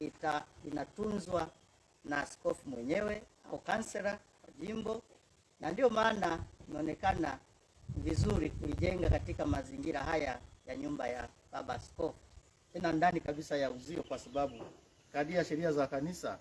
ita, inatunzwa na askofu mwenyewe au kansela wa jimbo, na ndio maana inaonekana vizuri kuijenga katika mazingira haya ya nyumba ya baba askofu, tena ndani kabisa ya uzio, kwa sababu kadri ya sheria za kanisa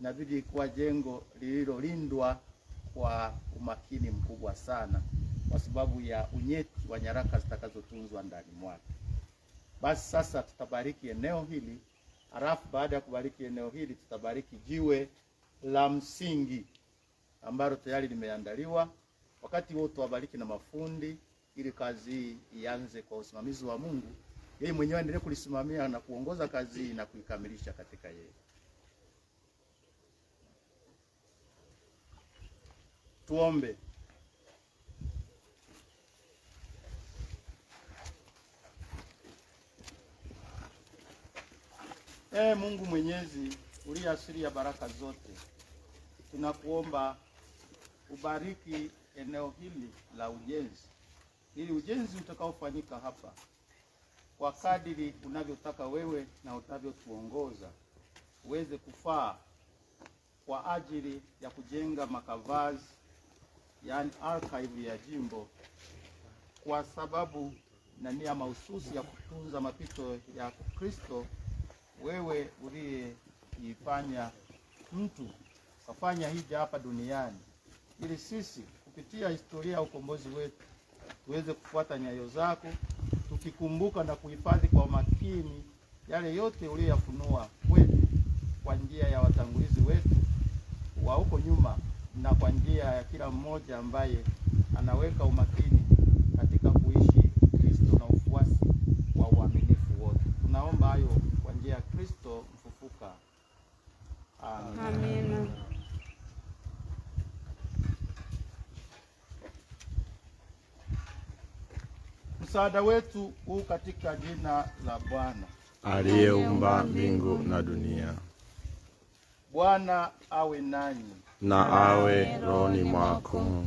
inabidi kuwa jengo lililolindwa kwa umakini mkubwa sana, kwa sababu ya unyeti wa nyaraka zitakazotunzwa ndani mwake. Basi sasa tutabariki eneo hili Halafu baada ya kubariki eneo hili, tutabariki jiwe la msingi ambalo tayari limeandaliwa. Wakati wote wabariki na mafundi, ili kazi hii ianze kwa usimamizi wa Mungu. Yeye mwenyewe aendelee kulisimamia na kuongoza kazi hii na kuikamilisha katika yeye. Tuombe. e Mungu Mwenyezi uliye asili ya baraka zote, tunakuomba ubariki eneo hili la ujenzi, ili ujenzi utakaofanyika hapa kwa kadiri unavyotaka wewe na utavyotuongoza uweze kufaa kwa ajili ya kujenga makavazi, yaani archive ya jimbo, kwa sababu na nia mahususi ya kutunza mapito ya Kristo wewe uliyeifanya mtu kafanya hija hapa duniani, ili sisi kupitia historia ya ukombozi wetu tuweze kufuata nyayo zako, tukikumbuka na kuhifadhi kwa makini yale yote uliyoyafunua kwetu kwa njia ya watangulizi wetu wa huko nyuma na kwa njia ya kila mmoja ambaye anaweka umakini Kristo mfufuka. Amina. Msaada wetu huu katika jina la Bwana aliyeumba mbingu na dunia. Bwana awe nanyi na awe rohoni mwako.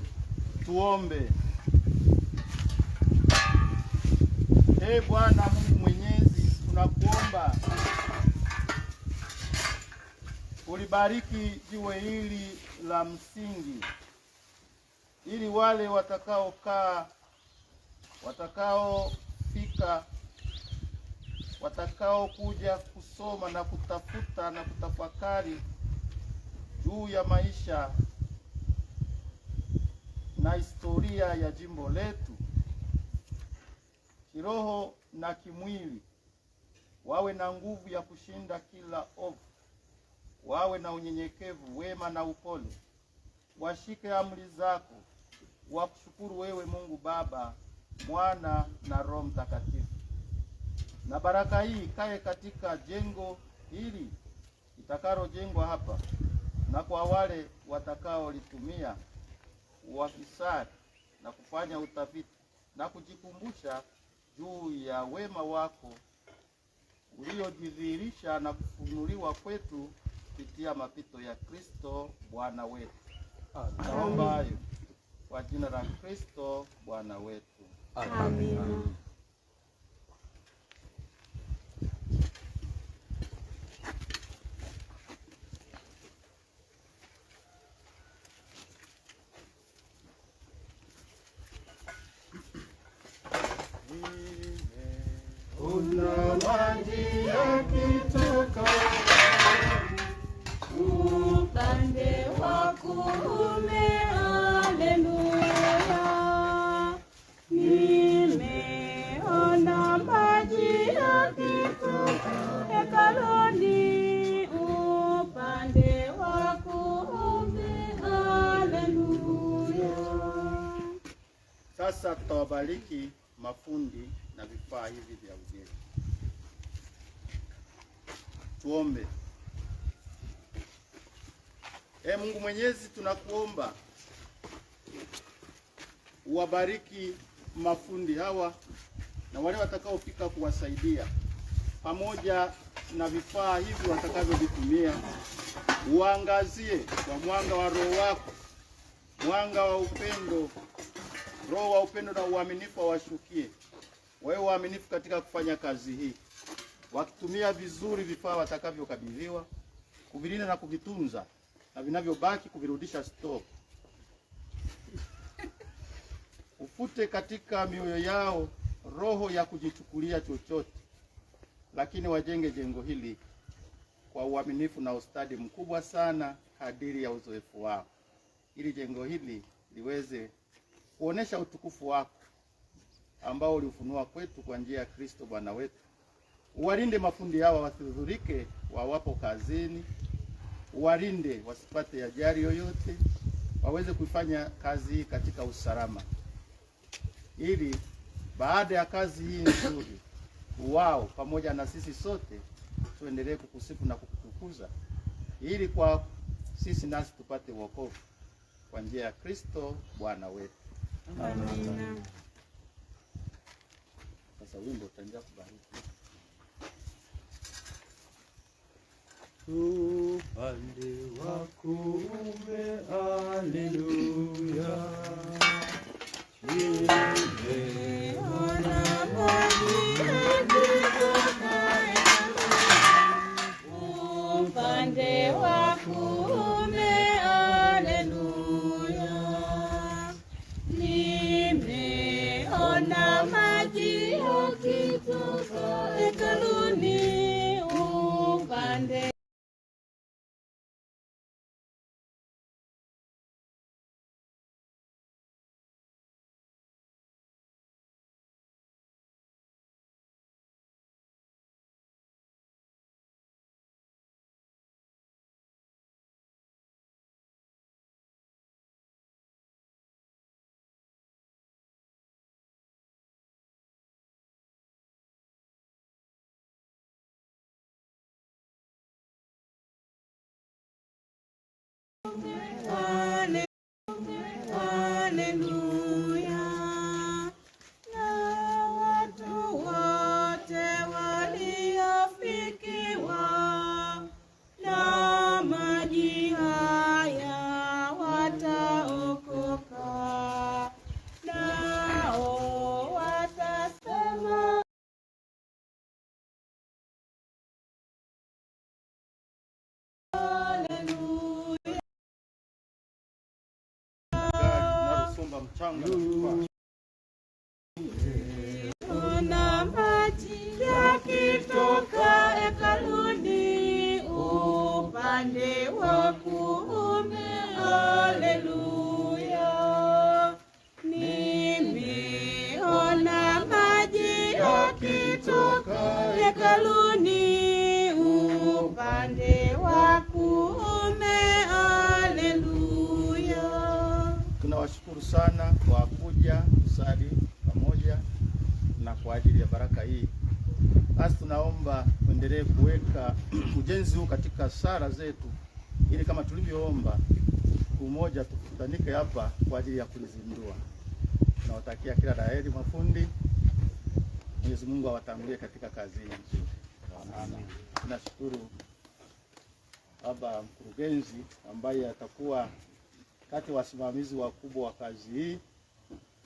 Tuombe. Ee hey, Bwana Mungu Mwenyezi, tunakuomba ulibariki jiwe hili la msingi, ili wale watakaokaa, watakaofika, watakaokuja kusoma na kutafuta na kutafakari juu ya maisha na historia ya jimbo letu kiroho na kimwili wawe na nguvu ya kushinda kila ovu wawe na unyenyekevu, wema na upole, washike amri zako, wakushukuru wewe Mungu Baba, Mwana na Roho Mtakatifu. Na baraka hii ikae katika jengo hili itakalojengwa hapa na kwa wale watakaolitumia wahisari na kufanya utafiti na kujikumbusha juu ya wema wako uliojidhihirisha na kufunuliwa kwetu kupitia mapito ya Kristo Bwana wetu. Naomba hayo kwa jina la Kristo Bwana wetu. Amina. Injili. Tuombe. E Mungu Mwenyezi, tunakuomba uwabariki mafundi hawa na wale watakaofika kuwasaidia, pamoja na vifaa hivi watakavyovitumia, uangazie kwa mwanga wa Roho wako, mwanga wa upendo, Roho wa upendo na uaminifu, awashukie wawe waaminifu katika kufanya kazi hii, wakitumia vizuri vifaa watakavyokabidhiwa, kuvilinda na kuvitunza, na vinavyobaki kuvirudisha stoo. Ufute katika mioyo yao roho ya kujichukulia chochote, lakini wajenge jengo hili kwa uaminifu na ustadi mkubwa sana kadiri ya uzoefu wao, ili jengo hili liweze kuonesha utukufu wako ambao uliufunua kwetu kwa njia ya Kristo Bwana wetu. Uwalinde mafundi hawa wasihudhurike wawapo kazini, uwalinde wasipate ajali yoyote, waweze kuifanya kazi hii katika usalama, ili baada ya kazi hii nzuri wao pamoja na sisi sote tuendelee kukusifu na kukutukuza, ili kwa sisi nasi tupate wokovu kwa njia ya Kristo Bwana wetu. Amina sasa wimbo utaanza kubariki. Upande wa kuume, haleluya imeona mchanga mchanga na kuna maji yakitoka hekaluni upande wa kuume. Haleluya, nimeona maji yakitoka hekaluni upande sana kwa kuja kusali pamoja na kwa ajili ya baraka hii. Basi tunaomba tuendelee kuweka ujenzi huu katika sala zetu, ili kama tulivyoomba umoja, tukutanike hapa kwa ajili ya kulizindua. Tunawatakia kila la heri mafundi. Mwenyezi Mungu awatangulie katika kazi hii nzuri. Tunashukuru baba mkurugenzi ambaye atakuwa kati ya wasimamizi wakubwa wa kazi hii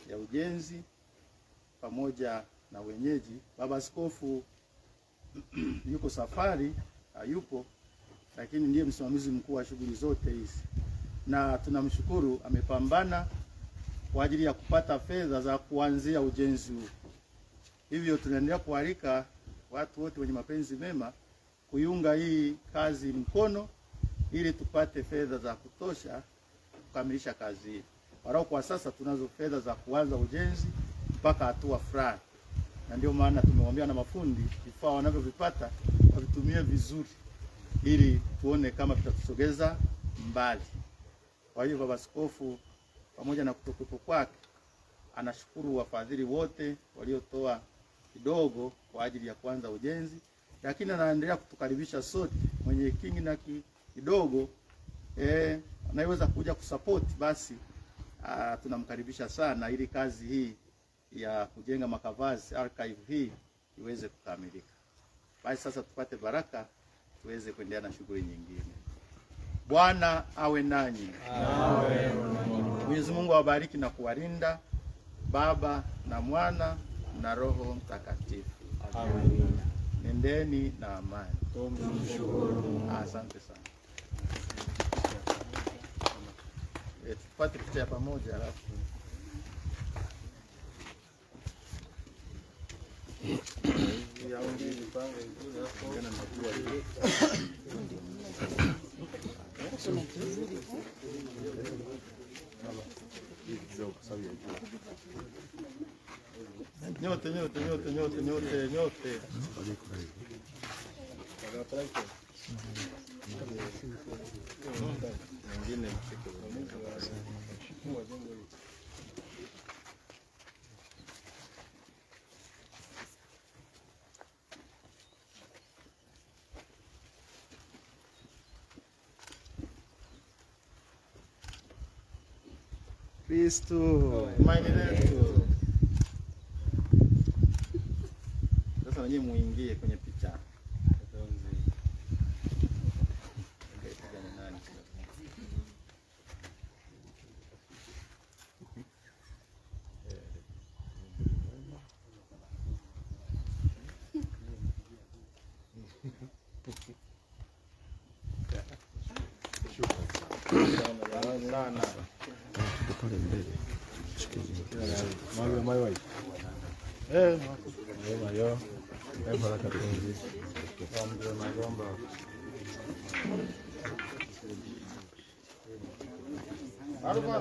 ya ujenzi pamoja na wenyeji. Baba Askofu yuko safari, hayupo, lakini ndiye msimamizi mkuu wa shughuli zote hizi, na tunamshukuru amepambana kwa ajili ya kupata fedha za kuanzia ujenzi huu. Hivyo tunaendelea kualika watu wote wenye mapenzi mema kuiunga hii kazi mkono ili tupate fedha za kutosha kukamilisha kazi hii. Walau kwa sasa tunazo fedha za kuanza ujenzi mpaka hatua fulani, na ndio maana tumemwambia na mafundi vifaa wanavyovipata wavitumie vizuri, ili tuone kama tutatusogeza mbali. Kwa hiyo Baba Askofu pamoja na kutokuwepo kwake anashukuru wafadhili wote waliotoa kidogo kwa ajili ya kuanza ujenzi, lakini anaendelea kutukaribisha sote mwenye kingi na kidogo eh, anayeweza kuja kusapoti basi uh, tunamkaribisha sana ili kazi hii ya kujenga makavazi archive hii iweze kukamilika. Basi sasa tupate baraka tuweze kuendelea na shughuli nyingine. Bwana awe nanyi. Amen. Mwenyezi Mungu awabariki na kuwalinda, Baba na Mwana na Roho Mtakatifu. Amen. Nendeni na amani. Tumshukuru. Asante sana. et Patrick tega pamoja halafu nyote nyote nyote nyote nyote nyote Kristo sasa, wenyewe muingie kwenye Na, na. Tuko pale mbele. Mawe mawe wapi? Eh, mawe yo. Eh, baraka tunzi. Mambo magomba. Aruba.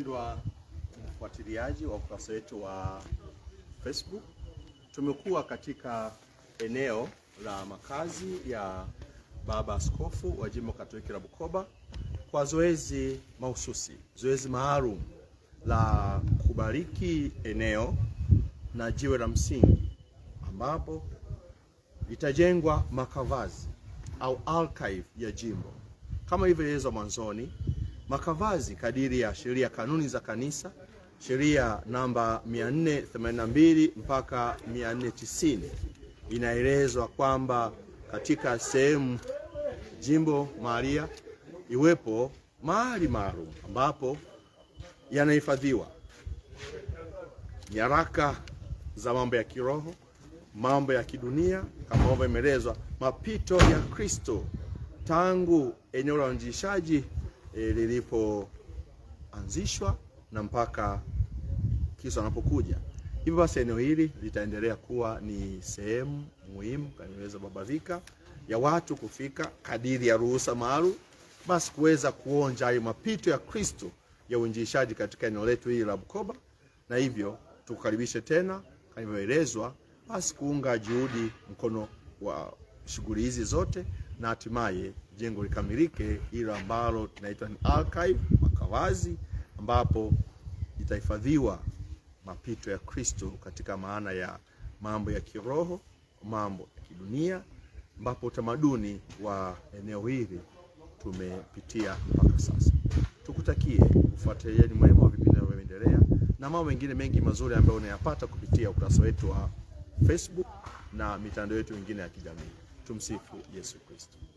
Mpendwa mfuatiliaji wa ukurasa wetu wa Facebook, tumekuwa katika eneo la makazi ya Baba Askofu wa Jimbo Katoliki la Bukoba kwa zoezi mahususi, zoezi maalum la kubariki eneo na jiwe la msingi ambapo litajengwa makavazi au archive ya jimbo kama ilivyoelezwa mwanzoni makavazi kadiri ya sheria kanuni za kanisa sheria namba 482 mpaka 490 inaelezwa kwamba katika sehemu jimbo Maria iwepo mahali maalum ambapo yanahifadhiwa nyaraka za mambo ya kiroho, mambo ya kidunia, kama ambavyo imeelezwa mapito ya Kristo tangu eneo la uinjilishaji e, lilipoanzishwa na mpaka Kristo anapokuja. Hivyo basi eneo hili litaendelea kuwa ni sehemu muhimu kaniweza babavika ya watu kufika kadiri ya ruhusa maalum, basi kuweza kuonja hayo mapito ya Kristo ya uinjilishaji katika eneo letu hili la Bukoba, na hivyo tukukaribishe tena kanivyoelezwa, basi kuunga juhudi mkono wa shughuli hizi zote na hatimaye jengo likamilike, hilo ambalo tunaita ni archive makavazi, ambapo itahifadhiwa mapito ya Kristo katika maana ya mambo ya kiroho, mambo ya kidunia, ambapo utamaduni wa eneo hili tumepitia mpaka sasa. Tukutakie ufuatiliaji mwema wa vipindi vinavyoendelea na mambo mengine mengi mazuri ambayo unayapata kupitia ukurasa wetu wa Facebook na mitandao yetu mingine ya kijamii. Tumsifu Yesu Kristo.